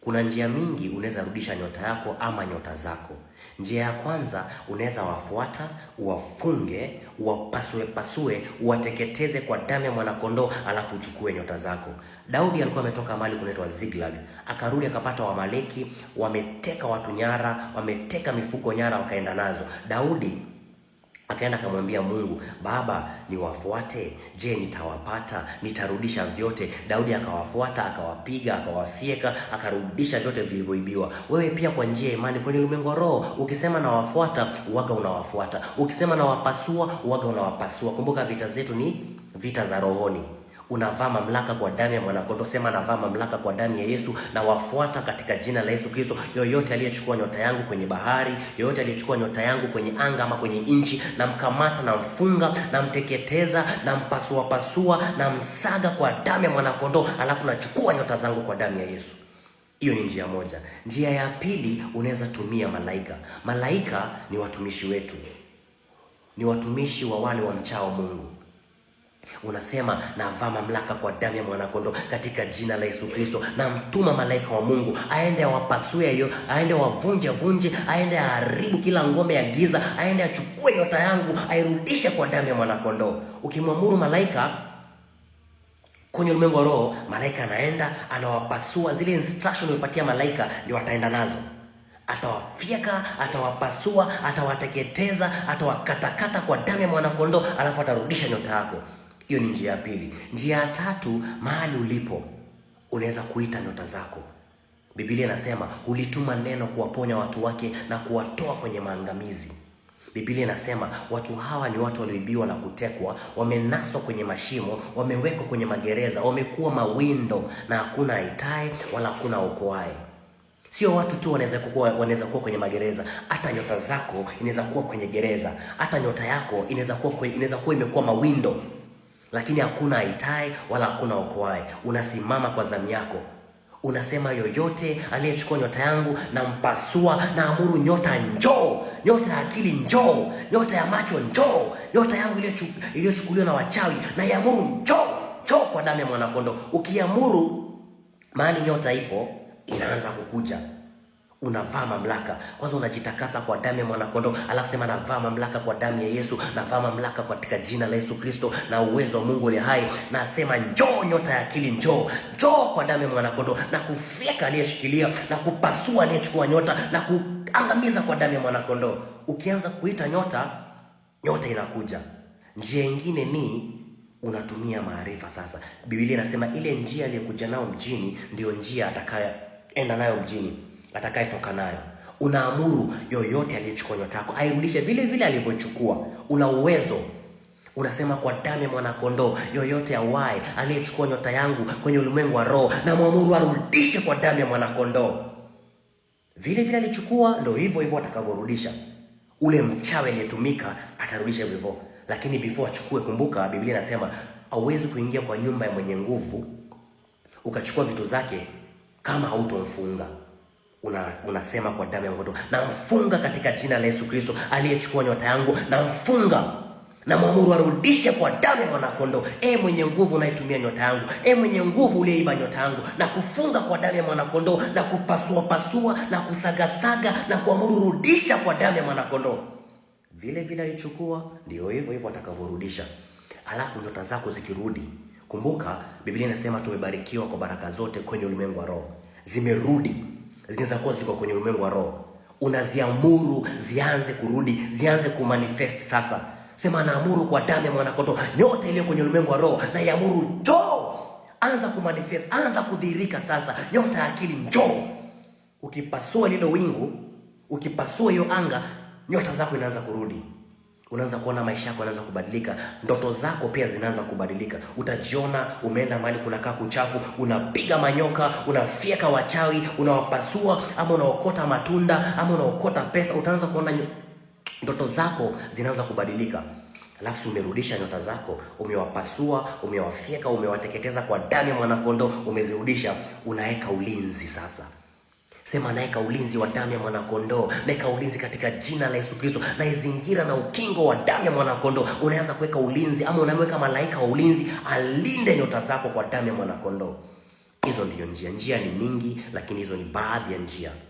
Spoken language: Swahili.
Kuna njia mingi unaweza rudisha nyota yako ama nyota zako. Njia ya kwanza, unaweza wafuata, uwafunge, uwapasue pasue, uwateketeze kwa damu ya mwanakondoo, alafu uchukue nyota zako. Daudi alikuwa ametoka mahali kunaitwa ziglag akarudi akapata Wamaleki wameteka watu nyara, wameteka mifugo nyara, wakaenda nazo Daudi Akaenda akamwambia Mungu, Baba, niwafuate? Je, nitawapata? Nitarudisha vyote? Daudi akawafuata, akawapiga, akawafyeka, akarudisha vyote vilivyoibiwa. Wewe pia kwa njia ya imani kwenye ulimwengu wa roho, ukisema nawafuata, uwaga unawafuata, ukisema nawapasua, uwaga unawapasua. Kumbuka vita zetu ni vita za rohoni unavaa mamlaka kwa damu ya mwanakondo Sema navaa mamlaka kwa damu ya Yesu na wafuata katika jina la Yesu Kristo. Yoyote aliyechukua nyota yangu kwenye bahari, yoyote aliyechukua nyota yangu kwenye anga ama kwenye nchi, namkamata, namfunga, namteketeza, nampasuapasua, namsaga kwa damu ya mwanakondo alafu nachukua nyota zangu kwa damu ya Yesu. Hiyo ni njia moja. Njia ya pili, unaweza tumia malaika. Malaika ni watumishi wetu, ni watumishi wa wale wamchao Mungu. Unasema navaa mamlaka kwa damu ya mwanakondoo katika jina la Yesu Kristo, na mtuma malaika wa Mungu aende awapasue hiyo, aende awavunje vunje, aende aharibu kila ngome ya giza, aende achukue nyota yangu, airudishe kwa damu ya mwanakondoo. Ukimwamuru malaika kwenye ulimwengu wa roho, malaika anaenda anawapasua. Zile instruction umepatia malaika ndio ataenda nazo atawafyeka atawapasua, atawateketeza, atawakatakata kwa damu ya mwanakondoo, alafu atarudisha nyota yako. Hiyo ni njia ya pili. Njia ya tatu, mahali ulipo unaweza kuita nyota zako. Biblia inasema hulituma neno kuwaponya watu wake na kuwatoa kwenye maangamizi. Biblia inasema watu hawa ni watu walioibiwa na kutekwa, wamenaswa kwenye mashimo, wamewekwa kwenye magereza, wamekuwa mawindo na hakuna aitaye wala hakuna okoaye. Sio watu tu wanaweza kuwa wanaweza kuwa kwenye magereza, hata nyota zako inaweza kuwa kwenye gereza, hata nyota yako inaweza kuwa inaweza kuwa imekuwa mawindo lakini hakuna aitaye wala hakuna okoaye. Unasimama kwa zamu yako, unasema yoyote aliyechukua nyota yangu nampasua, naamuru nyota njoo, nyota ya akili njoo, nyota ya macho njoo, nyota yangu iliyochukuliwa na wachawi naiamuru njoo, njoo kwa damu ya mwanakondo Ukiamuru mahali nyota ipo inaanza kukuja unavaa mamlaka kwanza, unajitakasa kwa damu ya mwanakondoo, alafu sema navaa mamlaka kwa damu ya Yesu, navaa mamlaka katika jina la Yesu Kristo na uwezo wa Mungu ule hai. Na sema njoo, nyota ya akili, njoo, njoo kwa damu ya mwanakondoo, na kufyeka aliyeshikilia, na kupasua aliyechukua nyota, na kuangamiza kwa damu ya mwanakondoo. Ukianza kuita nyota, nyota inakuja. Njia ingine ni unatumia maarifa. Sasa Biblia inasema ile njia aliyokuja nao mjini ndio njia atakayoenda nayo mjini atakayetoka nayo. Unaamuru yoyote aliyechukua nyota yako airudishe vile vile alivyochukua. Una uwezo Unasema kwa damu ya mwanakondoo, yoyote awaye aliyechukua nyota yangu kwenye ulimwengu wa roho, na mwamuru arudishe kwa damu ya mwanakondoo. Vile vile alichukua, ndo hivyo hivyo atakavyorudisha. Ule mchawi aliyetumika atarudisha hivyo hivyo, lakini before achukue, kumbuka Biblia inasema hauwezi kuingia kwa nyumba ya mwenye nguvu ukachukua vitu zake kama hautomfunga una, unasema kwa damu ya mwokoto, namfunga katika jina la Yesu Kristo aliyechukua nyota yangu, namfunga na mwamuru arudishe kwa damu ya mwana mwanakondoo. E mwenye nguvu unayetumia nyota yangu, e mwenye nguvu uliyeiba nyota yangu, na kufunga kwa damu ya mwana mwanakondoo na kupasua pasua na kusagasaga na kuamuru rudisha kwa damu ya mwana mwanakondoo. Vile vile alichukua, ndio hivyo hivyo atakavyorudisha. Alafu nyota zako zikirudi, kumbuka Biblia inasema tumebarikiwa kwa baraka zote kwenye ulimwengu wa roho, zimerudi zinaweza kuwa ziko kwenye ulimwengu wa roho, unaziamuru zianze kurudi, zianze kumanifest sasa. Sema, naamuru kwa damu ya mwanakondoo nyota iliyo kwenye ulimwengu wa roho, na njoo, anza kumanifest, anza kudhihirika sasa, nyota ya akili njoo. Ukipasua lilo wingu, ukipasua hiyo anga, nyota zako inaanza kurudi unaanza kuona maisha yako yanaanza kubadilika, ndoto zako pia zinaanza kubadilika. Utajiona umeenda mahali kunakaa kuchafu, unapiga manyoka, unafyeka wachawi, unawapasua, ama unaokota matunda, ama unaokota pesa. Utaanza kuona ndoto zako zinaanza kubadilika, alafu umerudisha nyota zako, umewapasua, umewafyeka, umewateketeza kwa damu ya mwanakondo umezirudisha, unaweka ulinzi sasa Sema naeka ulinzi wa damu ya mwanakondoo, naweka ulinzi katika jina la Yesu Kristo, naizingira na ukingo wa damu ya mwanakondoo. Unaanza kuweka ulinzi ama unaweka malaika wa ulinzi alinde nyota zako kwa damu ya mwanakondoo. Hizo ndiyo njia. Njia ni nyingi, lakini hizo ni baadhi ya njia.